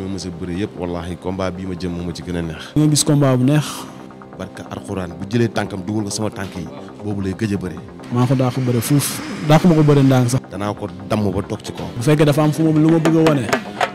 li ma mës a bëri yëpp wallaahi combat bii ma jëm moo ma ci a neex. li ma gis combat bu neex. barka alxuraan bu jëlee tànkam dugal ko sama tànk yi boobu lay gëj a bëri. maa ko daa ko bëri fuuf ko ma ko sax. danaa ko damm ba toog ci kaw. bu fekkee dafa am fu mu lu ma bëgg a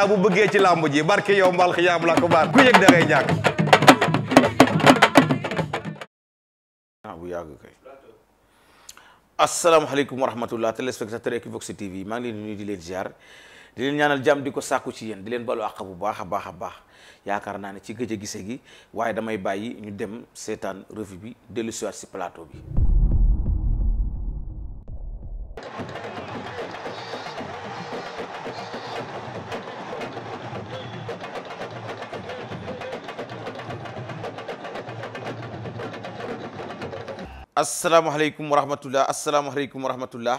naa bu bëggee ci ji barke yow mbal xiyaam la ko baar ku yëg da ah, bu yàgg kay. asalaamaaleykum wa rahmatulah téléspectateur Equivox TV maa ngi leen di nuyu di leen ziar di leen ñaanal jàmm di ko sàkku ci yéen di leen balu àq bu baax a baax a baax yaakaar naa ne ci gëj a gise gi waaye damay bàyyi ñu dem seetaan revue bi dellu siwaat si plateau bi. asalaamaaleykum wa rahmatullah asalaamaaleykum wa rahmatullah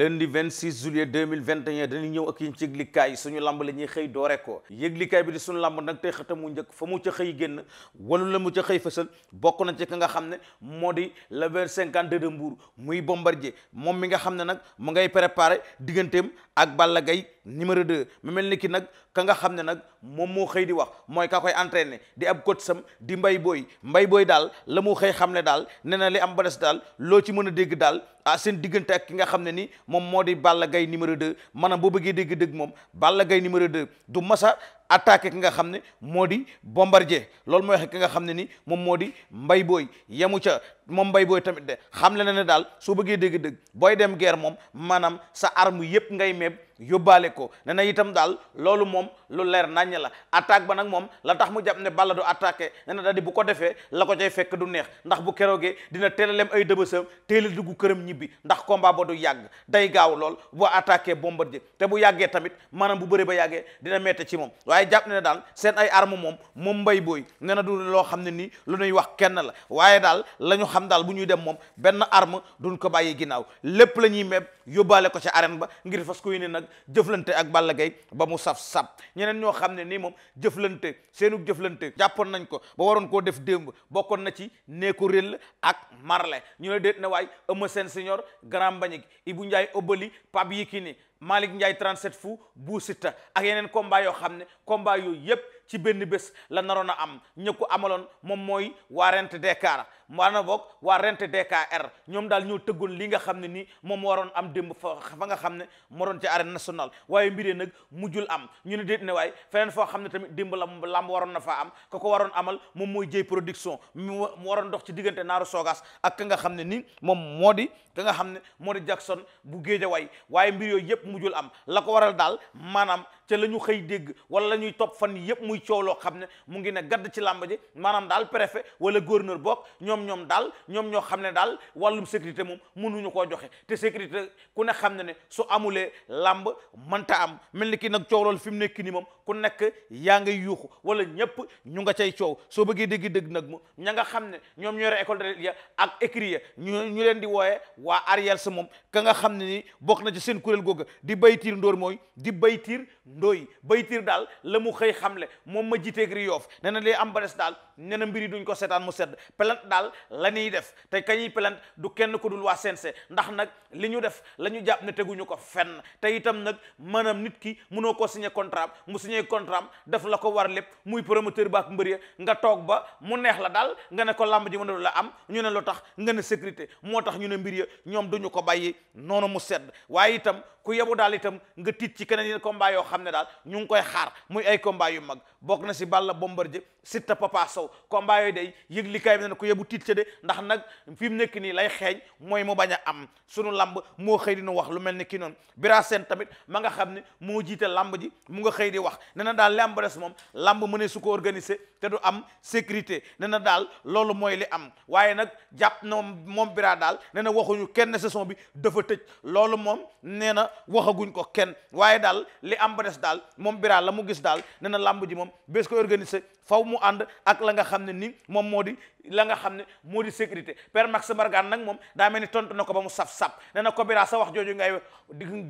lundi 26 juillet 2021 dañu ñëw ak yéen ci yëglikaay suñu lamb la ñuy xëy doore ko yëglikaay bi di suñu lamb nag tey xëtamu njëkk fa mu ca xëy génn wala la mu ca xëy fësal bokk na ci ka nga xam ne moo di la vingt cinquante deux de Mbour muy Bombardier moom mi nga xam ne nag mu ngay préparé digganteem ak Balla Gaye numéro 2 mu mel ni ki nag ka nga xam ne nag moom moo xëy di wax mooy ka koy entraîné di ab coach sam di mbay booy mbay booy daal la mu xëy xam ne daal nee na li am ba des daal loo ci mën a dégg daal ah seen diggante ak ki nga xam ne nii moom moo di Balla Gaye numéro 2 maanaam boo bëggee dégg dëgg moom Balla Gaye numéro 2 du masa attaqué ki nga xam ne moo di bombardier loolu mooy wax ki nga xam ne ni moom moo di mbay booy yemu ca moom mbay booy tamit de xam le na ne daal soo bëggee dégg dëgg booy dem guerre moom maanaam sa armu yépp ngay meeb yóbbaale ko ne na itam daal loolu moom lu leer naññ la attaque ba nag moom la tax mu jàpp ne Balla du attaqué ne na daal di bu ko defee la ko cay fekk du neex ndax bu keroogee dina teel lem ay dëbësam teel a dugg këram ñibbi ndax combat ba du yàgg day gaaw lool boo attaqué Bombardier te bu yàggee tamit maanaam bu bëree ba yàggee dina metti ci moom waaye jàpp ne daal seen ay arme moom moom mbay booy ne du loo xam ne nii lu nuy wax kenn la waaye daal la ñu xam daal bu ñuy dem moom benn arme duñ ko bàyyi ginnaaw lépp la ñuy meeb yóbbaale ko ci arène ba ngir ko yéene nag nag jëflante ak Balla Gaye ba mu saf sap ñeneen ñoo xam ne nii moom jëflante seenu jëflante jàppoon nañ ko ba waroon koo def démb bokkoon na ci neeku réll ak marle ñu ne déet ne waay Eumeu Sène senior Grand Mbagnick Ibou Ndiaye Obali Pape Yekini Malick Ndiaye 37 fou Bou Siteu ak yeneen combat yoo xam ne combat yooyu yëpp ci benn bés la naroon a am ña amaloon moom mooy waa rent Dakar maanaam boog waa rent DKR ñoom daal ñoo tëggoon li nga xam ne nii moom waroon am démb fa fa nga xam ne moroon ci arène nationale waaye mbiree nag mujjul am ñu ne déet ne waaye feneen foo xam ne tamit démb la lamb waroon na faa am ka ko waroon amal moom mooy jëy production mu waroon dox ci diggante naaru soogaas ak ka nga xam ne nii moom moo di ka nga xam ne moo di Jackson bu géej a way waaye mbir yooyu yëpp mujjul am la ko waral daal maanaam ca la xëy dégg wala la ñuy topp fan yëpp muy coow loo xam ne mu ngi ne gadd ci làmb ji maanaam daal préfet wala gouverneur boog ñoom ñoom daal ñoom ñoo xam ne daal wàllum sécurité moom ñu koo joxe te sécurité ku ne xam ne ne su amulee lamb mënta am mel ni ki nag coow loolu fi mu nekk nii moom ku nekk yaa ngay yuuxu wala ñëpp ñu nga cay coow soo bëggee dégg dégg nag mu ña nga xam ne ñoom ñoo yore école de ya ak écrit ya ñu ñu leen di wooye waa ariel sa moom ka nga xam ne ni bokk na ci seen kuréel googa di baytiir ndoor mooy di baytiir ndooy baytiir daal la mu xëy xamle moom ma jiiteeg ri yoof nee na lay am ba daal nee na mbir yi duñ ko seetaan mu sedd plainte daal la ñuy def te kañuy plainte du kenn ku dul waa CNC ndax nag li ñu def la ñu jàpp teguñu ko fenn itam nag maanaam nit ki mënoo ko signé signé contrat am daf la ko war lépp muy promoteur ba ak mbër ya nga toog ba mu neex la daal nga ne ko làmb ji mën la am ñu ne lu tax nga ne sécurité moo tax ñu ne mbir ñoom duñu ko bàyyi noonu mu sedd waaye itam ku yebu daal itam nga tiit ci keneen yeneen combat yoo xam ne daal ñu ngi koy xaar muy ay yu mag bokk na si Balla Bombardier Siteu Papa Sow combat yooyu day yëg li kaay bi ne ku yebu tiit ca de ndax nag fi mu nekk nii lay xeeñ mooy mu bañ a am sunu lamb moo xëy di nu wax lu mel ni kii noonu Bira Sène tamit ma nga xam ne moo jiite lamb ji mu nga xëy di wax ne daal li am ba des moom làmb mu ne su ko organiser te du am sécurité ne na daal loolu mooy li am waaye nag jàpp na moom biraa daal ne na waxuñu kenn saison bi dafa tëj loolu moom nee na waxaguñ ko kenn waaye daal li am ba des daal moom Bira la mu gis daal nena làmb ji moom bés ko organiser faw mu ànd ak la nga xam ne ni moom moo di la nga xam ne moo di sécurité père Max Mbargane nag moom daa mel ni tontu na ko ba mu saf-sap ne na Kobira sa wax jooju ngay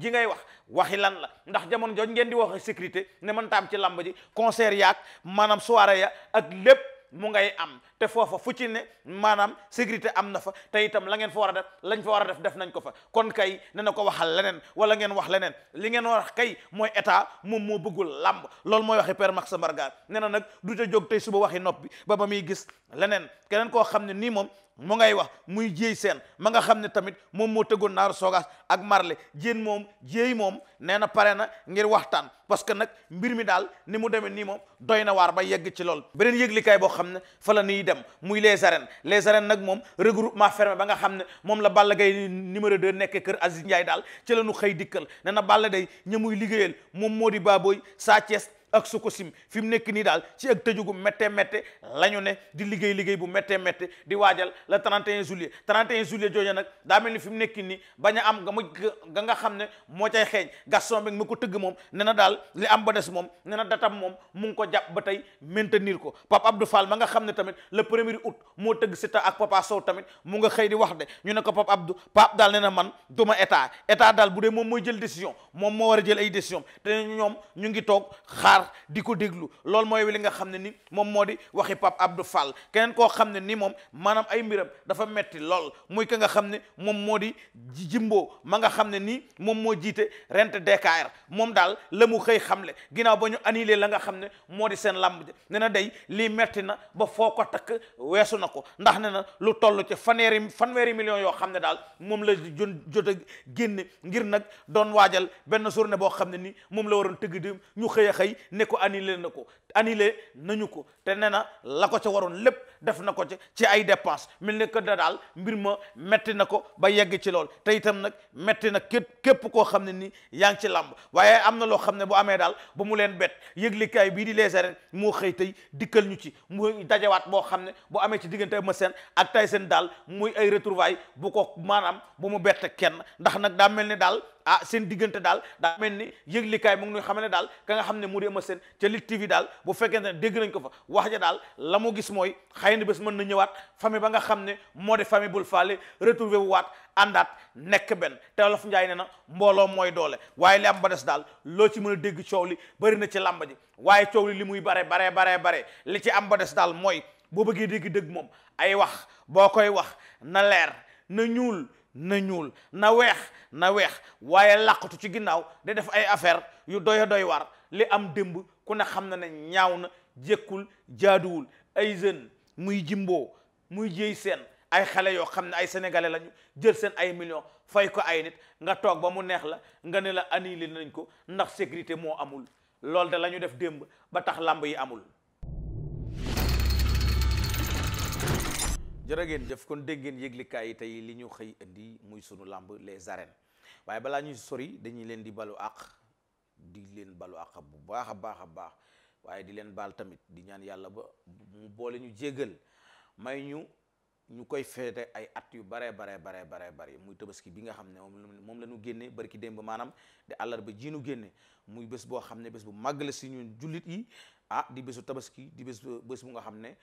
ji ngay wax waxi lan la ndax jamono jooj ngeen di wax a sécurité ne man taam ci làmb ji concert yaak maanaam soirée ya ak lépp mu ngay am te foofa fu ci ne maanaam sécurité am na fa te itam la ngeen fa war a def lañ fa war a def def nañ ko fa kon kay ne na ko waxal leneen wala ngeen wax leneen li ngeen wax kay mooy état moom moo bëggul làmb loolu mooy waxi père Max Mbargane nee nag du ca jóg tey suba waxi nopp bi ba ba muy gis leneen keneen koo xam ne nii moom mu ngay wax muy jéey seen ma nga xam ne tamit moom moo tëggoon naaru sooga ak marle jéen moom jéey moom nee na pare na ngir waxtaan parce que nag mbir mi daal ni mu demee nii moom doy na waar ba yegg ci lool beneen yëglikaay boo xam ne fa la niy dem muy les arènes les arènes nag moom regroupement fermé ba nga xam ne moom la Balla gay numéro 2 nekkee kër a Ndiaye daal ci la ñu xëy dikkal nee na Balla day ña muy liggéeyal moom moo di Baboy saa Thiès ak su ko sim fi mu nekk nii daal ci ak tëjugu métte métte la ñu ne di liggéey liggéey bu métte métte di waajal le 31 juillet 31 juillet jooju nag daa mel ni fi mu nekk nii bañ a am nga mu ga nga xam ne moo cay xeeñ gaston bi mi ko tëgg moom ne na daal li am ba des moom ne na datam moom mu ngi ko jàpp ba tey maintenir ko Pape Abdou Fall ma nga xam ne tamit le premier août moo tëgg Siteu ak Papa Sow tamit mu nga xëy di wax de ñu ne ko Pape Abdou Pape daal ne na man duma état état daal bu dee moom mooy jël décision moom moo war a jël ay décision te di ko déglu loolu mooy li nga xam ne nii moom moo di waxi Pape Abdou Fall keneen koo xam ne nii moom maanaam ay mbiram dafa metti lool muy ka nga xam ne moom moo di jimbo ma nga xam ne nii moom moo jiite rent DKR moom daal la mu xëy xamle ginnaaw ba ñu annulé la nga xam ne moo di seen làmb ne na dey lii metti na ba foo ko takk weesu na ko ndax ne na lu toll ci faneeri fanweeri millions yoo xam ne daal moom la jon jot a génne ngir nag doon waajal benn journée boo xam ne nii moom la waroon tëgg d ñu xëy xëy ne ko annulé na ko annulé nañu ko te nee na la ko ca waroon lépp def na ko ci ci ay dépense mel ne que da daal mbir ma metti na ko ba yegg ci lool te itam nag metti na képp képp koo xam ne ni yaa ngi ci làmb waaye am na loo xam ne bu amee daal ba mu leen bett yëglikaay bii di Les Arènes moo xëy tey dikkal ñu ci muy dajawaat boo xam ne bu amee ci diggante ma seen ak tay seen daal muy ay retrouvailles bu ko maanaam bu mu bett kenn ndax nag daa mel ni daal ah seen diggante daal daa mel ni yëglikaay mu ngi nuy xam ne daal ka nga xam ne mu di Eumeu Sène ca Lutte TV daal bu fekkee ne dégg nañ ko fa wax ja daal la mu gis mooy xëy na bés mën na ñëwaat famille ba nga xam ne moo di famille bul faale retrouvé wu waat àndaat nekk benn te Wolof Njaay ne na mbooloo mooy doole waaye li am ba des daal loo ci mën a dégg coow li bëri na ci làmba ji waaye coow li li muy bare bare bare bare li ci am ba des daal mooy boo bëggee dégg dëgg moom ay wax boo koy wax na leer na ñuul na ñuul na weex na weex waaye làqatu ci ginnaaw di def ay affaire yu doya doy war li am démb ku ne xam na ne ñaaw na jékkul jaaduwul ay jeunes muy jimboo muy jéy seen ay xale yoo xam ne ay sénégalais lañu jël seen ay millions fay ko ay nit nga toog ba mu neex la nga ne la annulé nañ ko ndax sécurité moo amul loolu de la ñu def démb ba tax làmb yi amul jërë ngeen kon dégg ngeen yëglikaay yi tey li ñu xëy indi muy sunu làmb les arènes waaye balaa ñuy sori dañuy leen di balu àq di leen balu àq bu baax a baax a baax waaye di leen baal tamit di ñaan yàlla ba mu boole ñu jéggal may ñu ñu koy feete ay at yu bare bare bare bare bare muy tabaski bi nga xam ne moom moom la ñu génnee barki démb maanaam di àllarba ji nu génne muy bés boo xam ne bés bu màgg la si ñun jullit yi ah di bésu tabaski di bés bés bu nga xam ne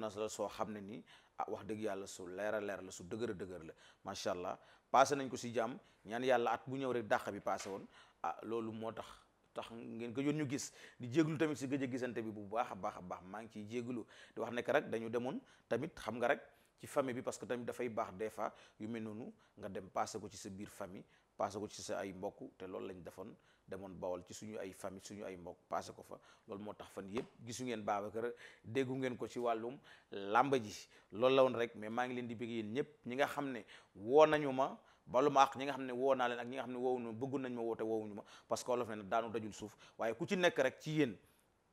nas la soo xam ne nii ah wax dëgg yàlla su leera a leer la su dëgër a dëgër la macha allah passé nañ ko si jàmm ñaan yàlla at bu ñëw rek dàq bi passé woon ah loolu moo tax tax ngeen ko yoon ñu gis di jégalu tamit si gëj a gisante bi bu baax a baax a baax maa ngi ciy jégalu di wax nekk rek dañu demoon tamit xam nga rek ci famille bi parce que tamit dafay baax des fois yu mel noonu nga dem passé ko ci sa biir famille passé ko ci sa ay mbokk te loolu lañ defoon demoon bawal ci suñu ay famille suñu ay mbokk passé ko fa loolu moo tax fan yëpp gisu ngeen Babacar déggu ngeen ko ci wàllum làmb ji loolu la woon rek mais maa ngi leen di bëgg yéen ñëpp ñi nga xam ne woo nañu ma balu ma ak ñi nga xam ne woo naa leen ak ñi nga xam ne woowuñu ma bëggu nañ ma woote woowuñu ma parce que olof ne daanu dajul suuf waaye ku ci nekk rek ci yéen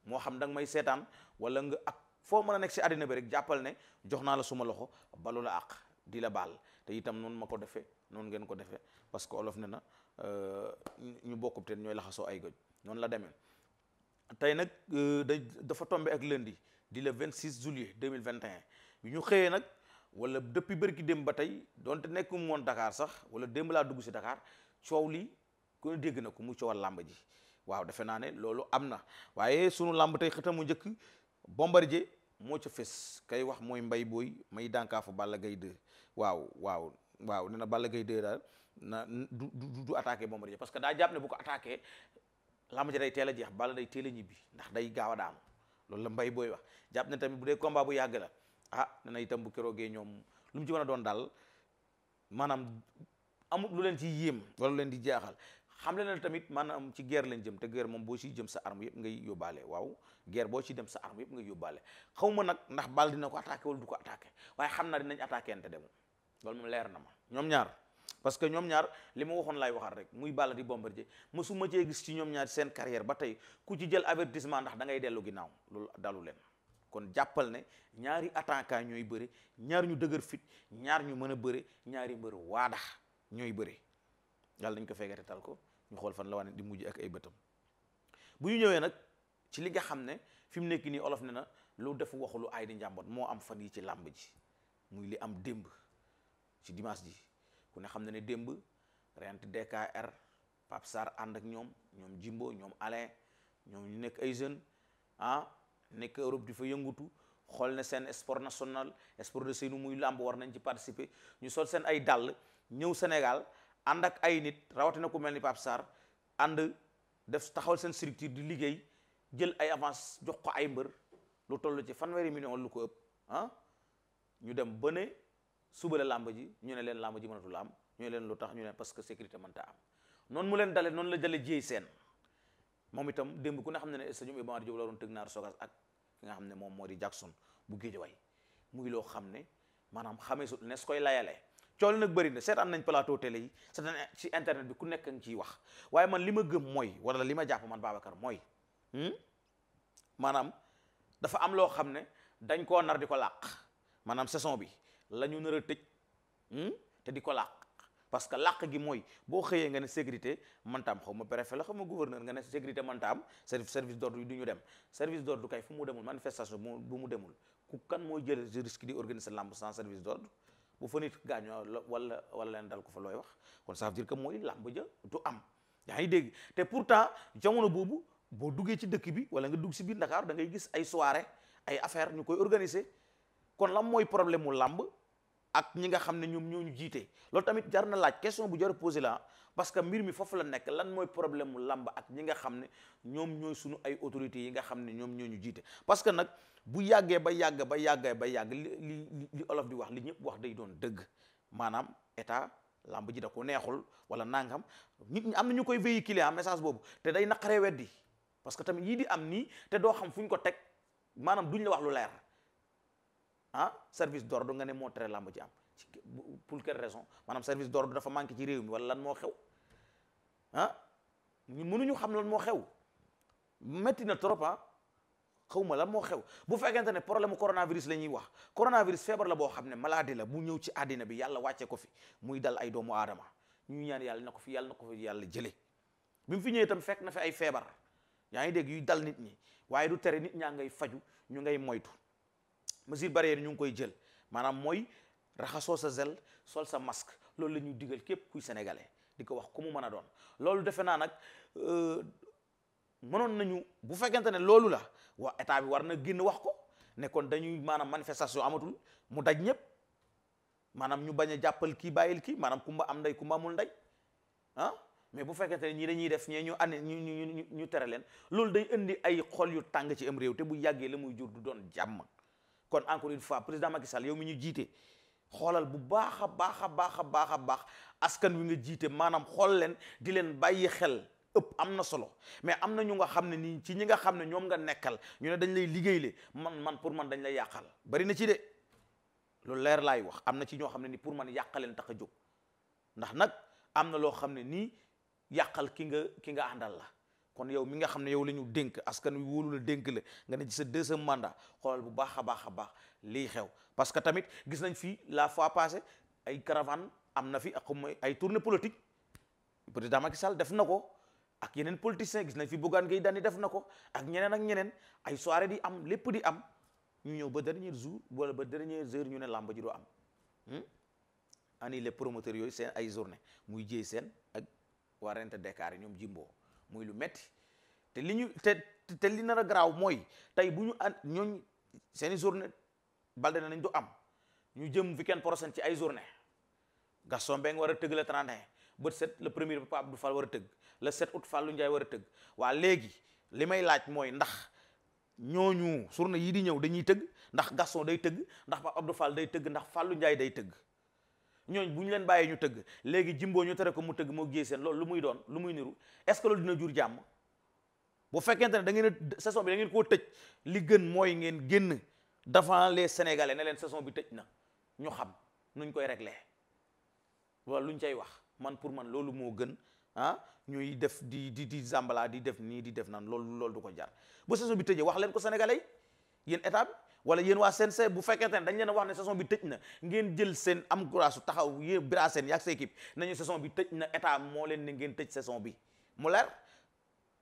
moo xam da may seetaan wala nga ak foo mën a nekk si àddina bi rek jàppal ne jox naa la suma loxo balu la ak di la baal te itam noonu ma ko defee noonu ngeen ko defee parce que olof ne na euh, ñu bokkub teen ñooy laxasoo ay goj noonu la demee tey nag euh, da dafa tombe ak lundi di le 26 juillet 2021 bi ñu xëyee nag wala depuis bërki démb ba tey donte nekku moon dakaar sax wala démb laa dugg si dakaar coow li ku ne dégg na ku mu coowal làmb ji waaw defe naa ne loolu am na waaye sunu làmb tey mu njëkk Bombardier moo ca fes kay wax mooy mbay booy may dànkaafu Balla Gaye 2 waaw waaw waaw nee na Balla Gaye 2 na du du du attaqué Bombardier parce que daa jàpp ne bu ko attaqué làmb ja day teel a jeex Balla day teel a ñibbi ndax day gaaw a daanu loolu la mbay booy wax jàpp ne tamit bu dee combat bu yàgg la ah nee na itam bu keroogee ñoom lu mu ci a doon daal maanaam amul lu leen ci yéem wala leen di jaaxal xam le na tamit maanaam ci geer lañ jëm te guerre moom boo ciy jëm sa arme yëpp ngay yóbbaale waaw geer boo ciy dem sa arme yëpp ngay yóbbaale xaw ma nag ndax Balla dina ko attaqué wala du ko attaqué waaye xam naa dinañ attaqué ante demu loolu moom leer na ma ñoom ñaar parce que ñoom ñaar li ma waxoon laay waxaat rek muy bala di Bombardier mësuma cee gis ci ñoom ñaar seen carrière ba tey ku ci jël avertissement ndax dangay ngay dellu ginnaaw loolu dalu leen kon jàppal ne ñaari attaquant ñooy bëre ñaar ñu dëgër fit ñaar ñu mën a bëre ñaari mbër waada ñooy bëre yàlla dañ ko te tal ko ñu xool fan la wane di mujj ak ay bëtam bu ñu ñëwee nag ci li nga xam ne fi mu nekk nii olof ne na lu defu waxulu lu ay di njàmbat moo am fan yi ci làmb ji muy li am démb ci dimanche ji ku ne xam na ne démb rent DKR Pape Sarr ànd ak ñoom ñoom Jimbo ñoom Alain ñoom ñu nekk ay jeunes ah nekk Europe di fa yëngutu xool ne seen sport national sport de seenu muy làmb war nañ ci participer ñu sol seen ay dàll ñëw Sénégal ànd ak ay nit rawatina ku mel ni Pape Sarr ànd def taxawal seen structure di liggéey jël ay avance jox ko ay mbër lu toll ci fanweeri million lu ko ëpp ah ñu dem ba suba la làmb ji ñu ne leen làmb ji mënatul am ñu ne leen lu tax ñu ne parce que man mënta am noon mu leen dale noonu la dale jéey seen moom itam démb ku ne xam ne ne stadium Iba la doon tëg naar sogas ak nga xam ne moom moo di Jackson bu Guédiawaye muy loo xam ne maanaam xamee su nes koy layalee coolu nag bëri na seetaan nañ plateau télé yi seetaan ci internet bi ku nekk nga ciy wax waaye man li ma gëm mooy wala li ma jàpp man Babacar mooy hmm? dafa am loo xam ne dañ koo nar di ko làq maanaam saison bi la ñu nar a tëj hmm, te di ko làq parce que làq gi mooy boo xëyee nga ne sécurité mantaam xaw ma préfet la xaw ma gouverneur nga ne sécurité mantaam service d'ordre yi du ñu dem service d'ordre kay fu mu demul manifestation bu mu demul ku kan mooy jël risque di organiser làmb sans service d'ordre bu fa nit gaañoo wala wala leen dal ko fa looy wax kon ça veut dire que mooy làmb ja du am yaa ngi dégg te pourtant jamono boobu boo duggee ci dëkk bi wala nga dugg si biir Dakar da ngay gis ay soirée ay ñu koy organiser kon lan mooy problème mu làmb ak ñi nga xam ne ñoom ñoo ñu jiite loolu tamit jar na laaj question bu jar posé la ah parce que mbir mi foofu la nekk lan mooy problème mu làmb ak ñi nga xam ne ñoom ñooy suñu ay autorités yi nga xam ne ñoom ñoo ñu jiite parce que nag bu yàggee ba yàgg ba yàggee ba yàgg li li li olof di wax li ñëpp wax day doon dëgg maanaam état làmb ji da ko neexul wala nangam nit ñi am na ñu koy véhiculer am ah message boobu te day naqaree weddi parce que tamit yii di am nii te doo xam fu ñu ko teg maanaam duñ la wax lu leer ah service d'ordre nga ne moo tere làmb ci am ci pour quelle raison maanaam service d'ordre dafa manqué ci réew mi wala lan moo xew ah ñun mënuñu xam lan moo xew metti na tropa ah ma lan moo xew bu fekkente ne problème coronavirus la ñuy wax coronavirus feebar la boo xam ne malaadi la mu ñëw ci àddina bi yàlla wàcce ko fi muy dal ay doomu aadama ñu ñaan yàlla na ko fi yàlla na ko yàlla jëlee bi mu fi ñëwee tam fekk na fi ay feebar yaa ngi dégg yuy dal nit ñi waaye du tere nit ñaa ngay faju ñu ngay moytu mesure barrière ñu ngi koy jël maanaam mooy raxasoo sa zel sol sa masque loolu la ñuy digal képp kuy sénégalais di ko wax ku mu mën a doon loolu defe naa nag euh, mënoon nañu bu fekkente ne loolu la waa état bi war na génn wax ko ne dañuy maanaam manifestation amatul mu daj ñëpp maanaam ñu bañ jàppal kii bàyyil kii maanaam kumba am ndey kumba amul ndey ah mais bu fekkente ne ñii dañuy def ñee ñu ane ñu ñu ñu tere leen loolu day indi ay xool yu tàng ci am réew te yàggee la muy jur du doon jàmm kon encore une fois président Macky Sall yow mi ñu jiite xoolal bu baax a baax a baax a baax a baax askan wi nga jiite maanaam xool leen di leen bàyyi xel ëpp am na solo mais am na ñu nga xam ne nii ci ñi nga xam ne ñoom nga nekkal ñu ne dañ lay liggéeyle man man pour man dañ lay yàqal bari na ci de lu leer laay wax am na ci ñoo xam ne nii pour man yàqaleen tax a jóg ndax nag am na loo xam ne nii yàqal ki nga ki nga àndal la kon yow mi nga xam ne yow la ñu dénk askan wi wóolu la dénk la nga ne ci sa deuxième mandat xool bu baax a baax a baax lii xew parce que tamit gis nañ fii la fois passée ay caravane am na fi ak ay tournée politique président Macky Sall def na ko ak yeneen politiciens gis nañ fi Bougane Gueye Dany def na ko ak ñeneen ak ñeneen ay soirée di am lépp di am ñu ñëw ba dernier jour wala ba dernier heure ñu ne làmb ji doo am hmm? ani les promoteurs yooyu seen ay journée muy jéy seen ak waa rente Dakar ñoom Jimbo. muy lu metti te li ñu te te li nar a garaaw mooy tey bu ñu an ñooñ seeni journée balde nañ du am ñu jëm weekend prochain ci ay journée Gaston Mbengue war a tëgg le 31 bët set le premier Papa Abdou Fall war a tëgg le 7 août Fallou Ndiaye war a tëgg waa léegi li may laaj mooy ndax ñooñu journée yi di ñëw dañuy tëgg ndax Gaston day tëgg ndax Papa Abdou Fall day tëgg ndax Fallou Ndiaye day tëgg ñooñ bu ñu leen bàyyee ñu tëgg léegi jimboo ñu tere ko mu tëgg moo géey seen lu muy doon lu muy niru est-ce que loolu dina jur jàmm bu fekkente ne da ngeen saison bi da ngeen koo tëj li gën mooy ngeen génn devant les sénégalais ne leen saison bi tëj na ñu xam nuñ koy régler loolu luñ cay wax man pour man loolu moo gën ah ñuy def di di di zambala di def nii di def naan loolu loolu du ko jar bu saison bi tëjee wax leen ko sénégalais yéen état bi wala yéen waa CNG bu fekkente ne dañ leen a wax ne saison bi tëj na ngeen jël seen am courage su taxaw yéen bira seen yaag sa équipe nañu saison bi tëj na état moo leen ne ngeen tëj saison bi mu leer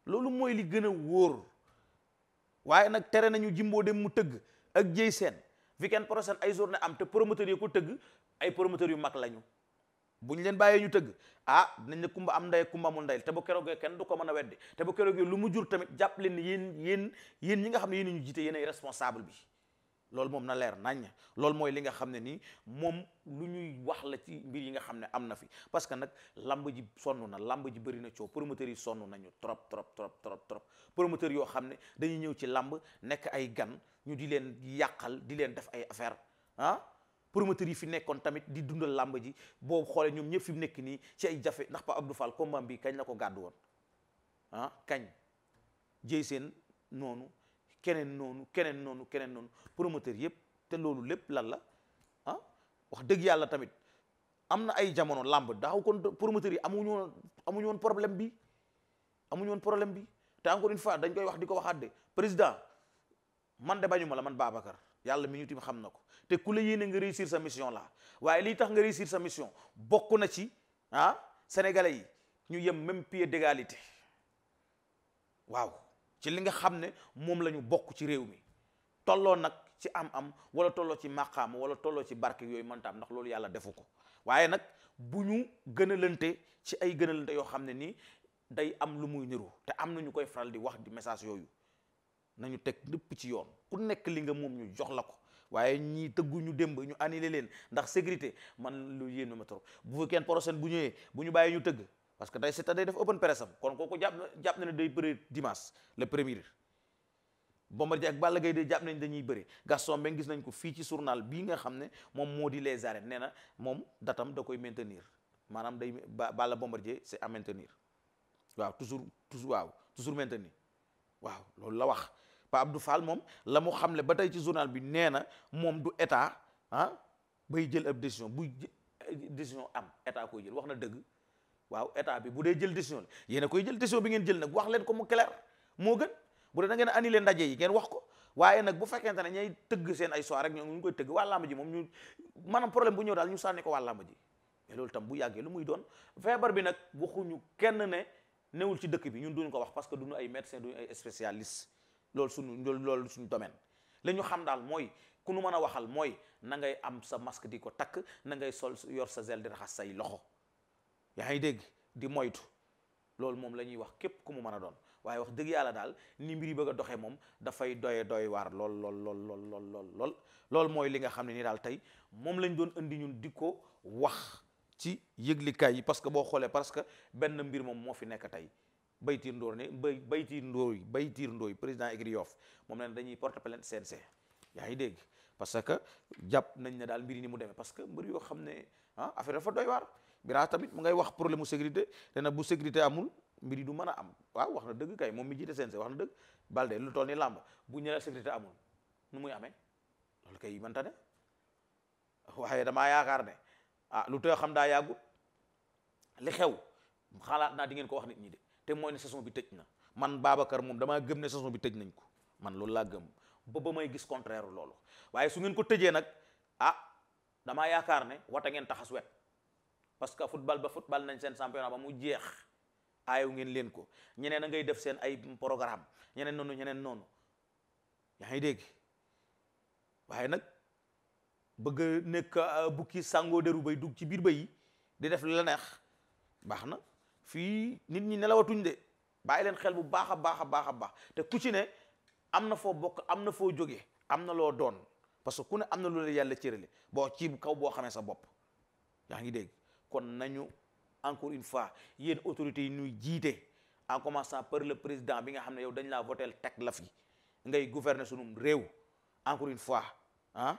loolu mooy li gën a wóor waaye nag tere nañu jimboo dem mu tëgg ak jëy seen weekend prochain ay journée am te promoteur yi ko tëgg ay promoteur yu mag lañu bu ñu leen bàyyee ñu tëgg ah dinañ ne kumba am ndey kumba amul ndey te bu keroogee kenn du ko mën a weddi te bu keroogee lu mu jur tamit jàpp leen ni yéen yéen ñi nga xam ne yéen ñu jiite yéen ay responsable bi loolu moom na leer nañ loolu mooy li nga xam ne nii moom lu ñuy wax la ci mbir yi nga xam ne am na fi parce que nag lamb ji sonn na làmb ji bari na coow promoteurs yi sonn nañu trop trop trop trop trop promoteurs yoo xam ne dañuy ñëw ci làmb nekk ay gan ñu di leen yàqal di leen def ay affaire ah promoteurs yi fi nekkoon tamit di dundal làmb ji boo xoolee ñoom ñëpp fi mu nekk nii ci ay jafe ndax Pa Abdou Fall combat bi kañ la ko gàddu woon ah kañ jëy seen noonu keneen noonu keneen noonu keneen noonu promoteur yëpp te loolu lépp lan la ah wax dëgg yàlla tamit am na ay jamono làmb daaw kon promoteur yi amuñu woon amuñu woon problème bi amuñu problème bi te encore une fois dañ koy wax di ko waxaat de président man de bañu ma la man Babacar yàlla mi ñu tim xam na ko te ku la yéene nga réussir sa mission la waaye lii tax nga réussir sa mission bokk na ci ah sénégalais yi ñu yem même pied d'égalité waaw ci li nga xam ne moom la ñu bokk ci réew mi tolloo nag ci am-am wala tolloo ci màqaama wala tolloo ci barke yooyu mënta am loolu yàlla defu ko waaye nag bu ñu gën ci ay gën yoo xam ne nii day am lu muy niru te am na ñu koy faral di wax di message yooyu nañu teg lépp ci yoon ku nekk li nga moom ñu jox la ko waaye ñii tëgguñu démb ñu annulé leen ndax sécurité man lu yéen ma trop bu fekkee prochaine bu ñëwee bu ñu bàyyi ñu tëgg parce que day Siteu day def open press am kon kooku jàpp na jàpp na day bëri dimanche le premier Bombardier ak Balla Gaye day jàpp nañ dañuy bëri Gaston Mbengue gis nañ ko fii ci sournal bi nga xam ne moom moo di les arènes nee na moom datam da koy maintenir maanaam day Balla Bombardier c'est à maintenir waaw toujours toujours waaw toujours maintenir waaw loolu la wax Pa Abdou Fall moom la mu xamle ba tey ci journal bi nee na moom du état ah bay jël ab décision buy décision am état koy jël wax na dëgg waaw état bi bu dee jël décision yéen a koy jël bi ngeen jël nag wax leen ko mu clair moo gën bu dee da ngeen a ndaje yi ngeen wax ko waaye nag bu fekkente ne ñay tëgg seen ay soirée rek ñoom ñu koy tëgg waa ji moom ñu maanaam problème bu ñëw daal ñu sànni ko waa làmb ji bu yàggee lu muy doon feebar bi nag waxuñu kenn ne newul ci dëkk bi ñun duñu ko wax parce que duñu ay médecin duñu ay spécialiste loolu suñu loolu suñu domaine la ñu xam daal mooy ku nu mën a waxal mooy na ngay am sa masque di ko takk na ngay sol yor sa gel di raxas say loxo yaa ngi dégg di moytu loolu moom la ñuy wax képp ku mu mën a doon waaye wax dëgg yàlla daal ni mbir yi bëgg a doxee moom dafay doye doy waar lool lool lool lool lool lool lool loolu mooy li nga xam ne ni daal tey moom lañ doon indi ñun di ko wax ci yëglikaay yi parce que boo xoolee parce que benn mbir moom moo fi nekk tey Baytiir Ndoor ne bay Baytiir Ndoor Baytiir Ndoor président écurie Yoff moom la dañuy porte plainte CNG yaa ngi dégg parce que jàpp nañ ne daal mbir yi ni mu demee parce que mbir yoo xam ne ah affaire dafa doy waar Bira tamit mu ngay wax problème mu sécurité nee na bu sécurité amul mbir yi du mën a am waaw wax na dëgg kay moom mi jiite CNG wax na dëgg Balde lu toll ni làmb bu ñu nee sécurité amul nu muy amee loolu kay mënta ne waaye damaa yaakaar ne ah lu tee xam daa yàggut li xew xalaat naa di ngeen ko wax nit ñi te mooy ne saison bi tëj na man Babacar moom damaa gëm ne saison bi tëj nañ ko man loolu laa gëm ba ba may gis contraire loolu waaye su ngeen ko tëjee nag ah damaa yaakaar ne wata ngeen taxas wet parce que football ba football nañ seen championnat ba mu jeex aayu ngeen leen ko ñeneen a ngay def seen ay programme ñeneen noonu ñeneen noonu yaa ngi dégg waaye nag bëgg nekk euh, bukki sàngoo deru bay dugg ci biir bay di def la neex baax na fii nit ñi nelawatuñ de bàyyi leen xel bu baax a baax a baax a baax te ku ci ne am na foo bokk am na foo jóge am na loo doon parce que ku ne am na lu la yàlla cërale boo ci kaw boo xamee sa bopp yaa ngi dégg kon nañu encore une fois yéen autorités yi ñuy jiite en commençant par le président bi nga xam ne yow dañ laa votel teg la fi ngay gouverne sunum réew encore une fois ah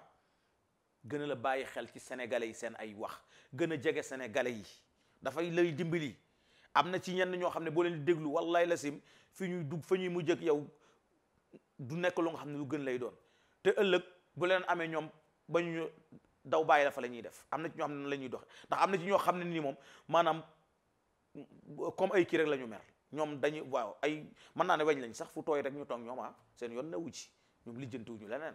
gën a la bàyyi xel ci sénégalais yi seen ay wax gën a jege sénégalais yi dafay lay dimbali am na ci ñenn ñoo xam ne boo leen di déglu wallaay la sim fi ñuy dugg fa ñuy mujj ak yow du nekk lu nga xam ne lu gën lay doon te ëllëg bu leen amee ñoom ba ñu daw bàyyi la fa la ñuy def am na ci ñoo xam ne la ñuy doxe ndax am na ci ñoo xam ne nii moom maanaam comme ay kii rek la ñu mer ñoom dañu waaw ay mën naa ne weñ lañ sax fu tooy rek ñu toog ñoom ah seen yoon newu ci ñoom lijjantiwuñu leneen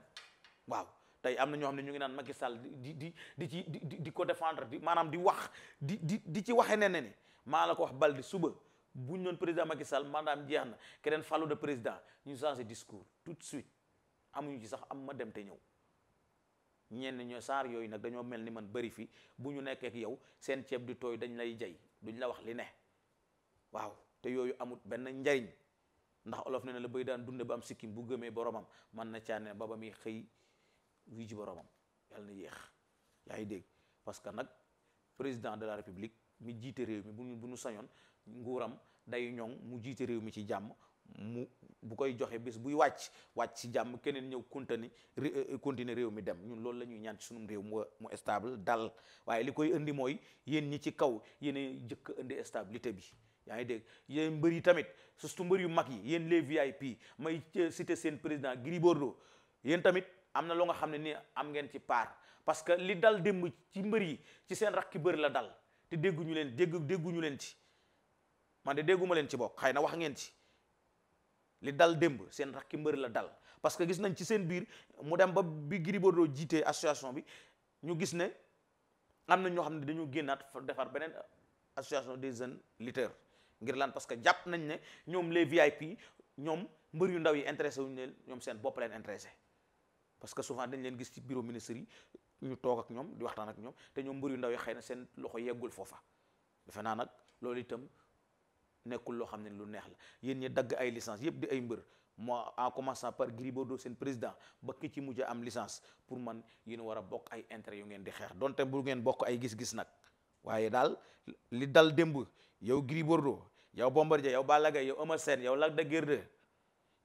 waaw tey am na ñoo xam ne ñu ngi naan Macky Sall di di di ci di di ko défendre di maanaam di wax di di di ci waxee ne ni maa la ko wax bal di suba buñ doon président Macky Sall maanaam jeex na keneen falu de président ñu changé discours tout de suite amuñu ci sax am ma dem te ñëw ñenn ñoo saar yooyu nag dañoo mel ni man bëri fii bu ñu nekkee yow seen ceeb di tooy dañ lay jay duñ la wax li ne waaw te yooyu amut benn njariñ ndax olof ne na la bëy daan dunde ba am sikkim bu gëmee boromam mën na caane ba ba muy xëy wuy ji boromam yàlla na yéex yaa ngi dégg parce que nag président de la république mi jiite réew mi bu ñu bu ñu sañoon nguuram day ñoŋ mu jiite réew mi ci jàmm mu bu koy joxe bis buy wàcc wàcc ci jàmm keneen ñëw continue eh, eh, continuer réew mi dem ñun loolu la ñuy ñaan ci sunum réew mu mu dal waaye li koy indi mooy yéen ñi ci kaw yéen jëkk indi stabilité bi yaa ngi dégg yéen mbër yi tamit surtout mbër yu mag yi yéen les VIP may eh, cité seen président Gris yéen tamit am na loo nga xam ne ni am ngeen ci part parce que li dal démb ci mbër yi ci seen rakki bëri la dal te dégguñu leen dégg dégguñu leen ci man de dégguma leen ci bokk xëy na wax ngeen ci li dal démb seen rakk ki mbër la dal parce que gis nañ ci seen biir mu dem ba bi Gris doo jiitee association bi ñu gis ne am na ñoo xam ne dañoo génnaat defar beneen association des jeunes lutteurs ngir lan parce que jàpp nañ ne ñoom les VIP ñoom mbër yu ndaw yi intéressé wuñu leen ñoom seen bopp leen intéressé que souvent dañ leen gis ci bureau ministre yi ñu toog ak ñoom di waxtaan ak ñoom te ñoom mbër yu ndaw yi xëy na seen loxo yeggul foofa defe loolu nekkul loo xam ne lu neex la yéen ñi dagg ay licence yëpp di ay mbër mois en commençant par Gris Bordeaux seen président ba ki ci mujj am licence pour man yéen war a bokk ay intérêt yu ngeen di xeex donte bu ngeen bokk ay gis-gis nag waaye daal li dal démb yow Gris Bordeaux yow Bombardier yow Balla Gaye yow Eumeu Sène yow Lac de Guiers 2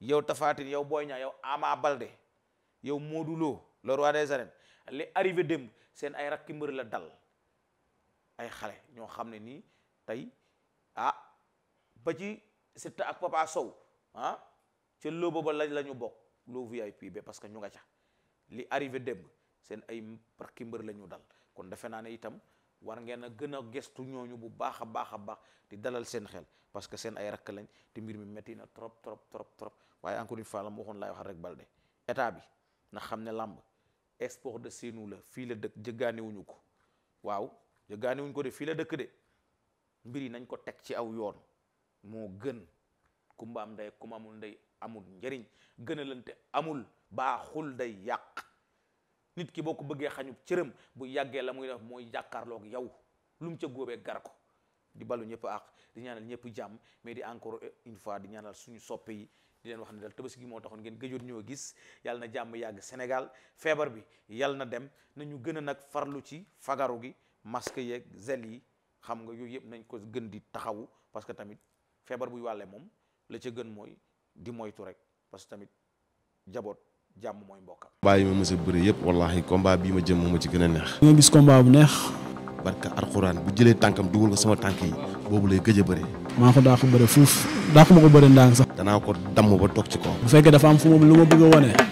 yow Tapha Tine yow Boy Niang yow Ama yow Modou Lo le roi des arènes li arrivé démb seen ay rakki mbër la dal ay xale ñoo xam ne nii ba ci set ak Papa Sow ah ca loo booba la ñu bokk loo VIP ba parce que ñu nga ca li arrivé démb seen ay parki mbër la ñu dal kon defe naa ne itam war ngeen a gën a gestu ñooñu bu baax a baax a baax di dalal seen xel parce que seen ay rakk lañ te mbir mi metti na trop trop trop trop waaye encore une fois la mu waxoon laay wax rek balde état bi na xam ne làmb sport de seenu la fii la dëkk jëggaaniwuñu ko waaw jëggaaniwuñu ko de fii la dëkk de mbir yi nañ ko teg ci aw yoon moo gën kumbaam am ndey kuma amul ndey amul njëriñ gënalante amul baaxul day yàq nit ki boo ko bëggee xañu cërëm bu yàggee la muy def mooy jàkkaarloog yow lu mu ca góobee gar ko di balu ñëpp ax di ñaanal ñëpp jàmm mais di encore eh, une fois di ñaanal suñu soppe yi di leen wax ne dal tabaski gi moo taxoon ngeen gëjoon ñoo gis yàlla na jàmm yàgg senegal feebar bi yàlla na dem nañu gën a nag farlu ci fagaru gi masque yeeg zel yi xam nga yooyu yëpp nañ ko gën di taxawu parce que tamit feebar buy wàlle moom la ca gën mooy di moytu rek parce que tamit jaboot jàmm mooy mbokkam. combat yi ma mës a bëri yëpp wallaahi combat bii ma jëm moo ma ci gën a neex. di nga gis combat bu neex. barka alxuraan bu jëlee tànkam dugal ko sama tànk yi boobu lay gëj a bëri. maa ko daa ko bëri fuuf ko ma ko bëri ndànk sax. danaa ko damm ba toog ci kaw. bu fekkee dafa am fu mu lu ma bëgg a